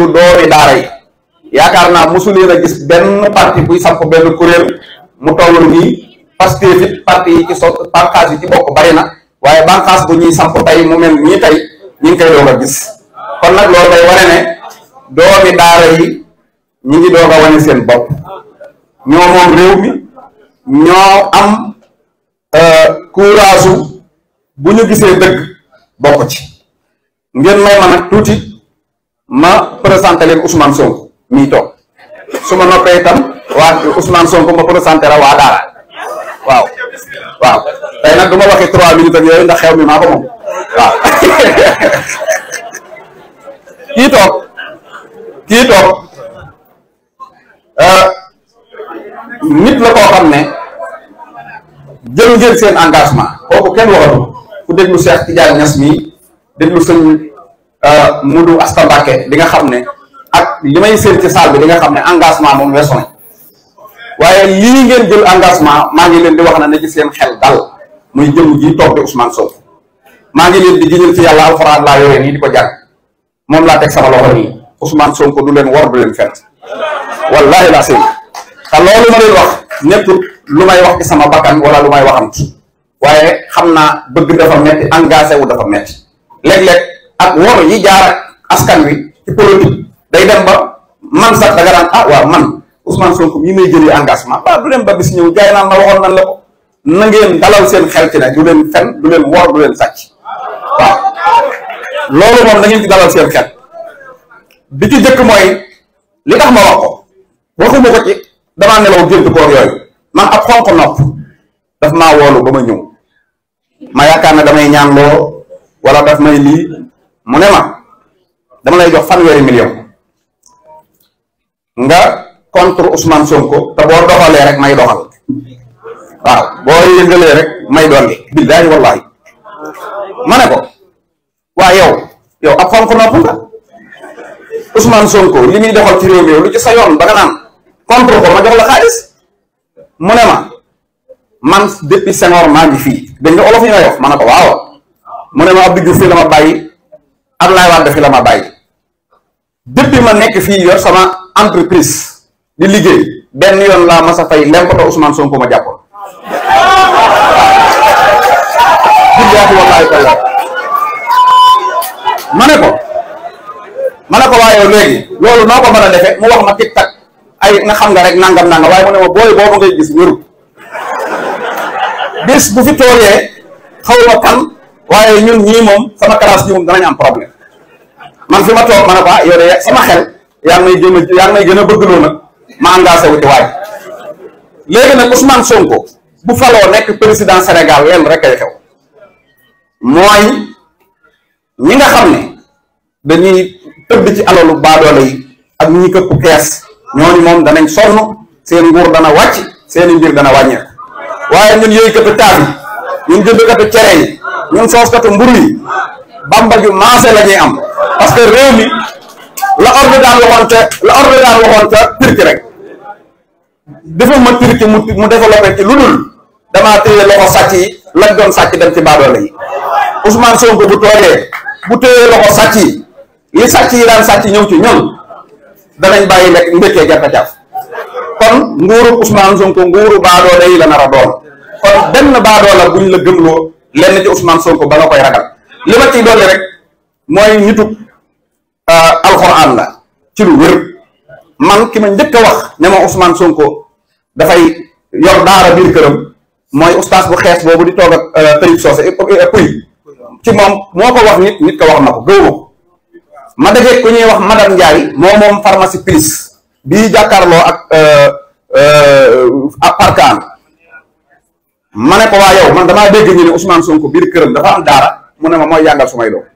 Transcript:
kuréelu doomi daara yi yaakaar naa mosu leen a gis benn parti buy samp benn kuréel mu toll nii Pastef it parti yi ci so bànqaas yi ci bokk bari na waaye bànqaas bu ñuy samp tey mu mel nii tey ñu ngi koy a gis kon nag loolu day wane ne doomi daara yi ñu ngi doog a wane seen bopp ñoo moom réew mi ñoo am euh, courage bu ñu gisee dëgg bokk ci ngeen may ma nag tuuti ma présenté leen Ousmane Sonko mii toog su ma noppee itam waa Ousmane Sonko ma présenté la waa Daara waaw waaw tey nag du ma trois minutes yooyu ndax xew mi maa ko moom waaw kii toog kii toog euh, nit la koo xam ne jël ngeen seen engagement kooku kenn waxatu ku déglu Cheikh Tidiane Niass mii déglu sëñ Euh, Modou Asta Mbacké di nga xam ne ak li may sér ci salle bi di nga xam ne engagement moom weesu nañ waaye lii ngeen jël engagement maa ngi leen di wax na ne ci seen xel dal muy jëm ji toog di Ousmane Sonko maa ngi leen di jëñal yàlla alxuraan nii di ko jàng moom laa teg sama loxo nii Sonko du leen war du leen fent wallaahi laa seen te loolu ma leen wax nekkut lu may wax ci sama bakkan wala lu may waxantu waaye xam naa bëgg dafa metti engagé wu dafa metti léeg-léeg ak wor yi jaar ak askan wi ci politique day dem ba man sax da ah waaw man Ousmane Sonko mii may jëlee engagement ba du dem ba bis ñëw gaay naan ma waxoon nan la ko na ngeen dalal seen xel leen fen du leen wor du leen sàcc waaw loolu xel bi ci jëkk mooy li tax ma wax waxuma ko ci nelaw gént koor yooyu man ab xonq nopp daf maa woolu ba ma ñëw ma yaakaar damay ñaan loo wala daf may lii mu ne ma dama lay jox fanweeri million nga contre Ousmane Sonko te boo doxalee rek may doxal waaw boo yëngalee rek may dolli billaahi wallaahi ma ne ko waa yow yow ab xonk nopp nga Ousmane Sonko li muy doxal ci réew mi yow lu ci sa yoon ba nga naan contre ko ma jox la xaalis mu ne ma man depuis Senghor maa ngi fii dañ nga olof yi nga yof ma ne ko waaw mu ne ma Abdou Diouf fii la ma bàyyi Abdoulaye Wade fi la ma bàyyi depuis ma nekk fii yor sama entreprise di liggéey benn yoon laa mas a fay lempatoo Ousmane Sonko ma jàppoon. ma ne ko ma ne ko waaye léegi loolu noo ko mën a defee mu wax ma tic tac ay na xam nga rek nangam nangam waaye mu ne ma booy boobu ngay gis wéru bis bu fi toolee xaw ma kan. waaye ñun ñii moom sama classe ñi moom danañ am problème ma toog ma ah, sama xel yaa may gën a yaa ngi gën a bëgg loo nag ma engagé wu ci waay léegi nag Ousmane Sonko bu faloo nekk président Sénégal leen rek ay xew mooy ñi nga xam ne dañuy tëdd ci alalu baadoole yi ak ñi këpp kees ñooñu moom danañ sonn seen nguur dana wàcc seeni mbir dana wàññeeku waaye ñun yooyu këpp taal yi ñun jëndkatu cere yi ñun sooskatu mburu yi bamba ju maase la am parce que réew mi la ordu daan waxoon te la rek dafa ma turki mu mu ci lu dul damaa téye loxo sàcc yi lañ doon sàcc dem ci baadoole yi Ousmane Sonko bu toogee bu téye loxo sàcc yi li sàcc yi daan sàcc ñëw ci ñun danañ bàyyi lekk ndékkee gerte caaf kon nguuru Ousmane Sonko nguuru baadoole yi la nar doon kon benn baadoole buñ la gëmloo lenn ci Ousmane Sonko ba nga koy ragal li ma ciy dolli rek mooy nitu euh, alxuraan la ci lu wér man ki ma njëkk a wax ne ma Ousmane Sonko dafay yor daara biir këram mooy ustaas bu xees boobu di toog ak euh, Taïb Socé puy ci moom moo ko wax nit nit ko wax na ko gëw ma defee ko ñuy wax madame Ndiaye moo moom pharmacie Pris bii jàkkaarloo ak euh, Parkaan ma ne ko waa yow man damaa dégg ni ne Ousmane Sonko biir këram dafa am daara mu ne ma mooy yàngal sumay doom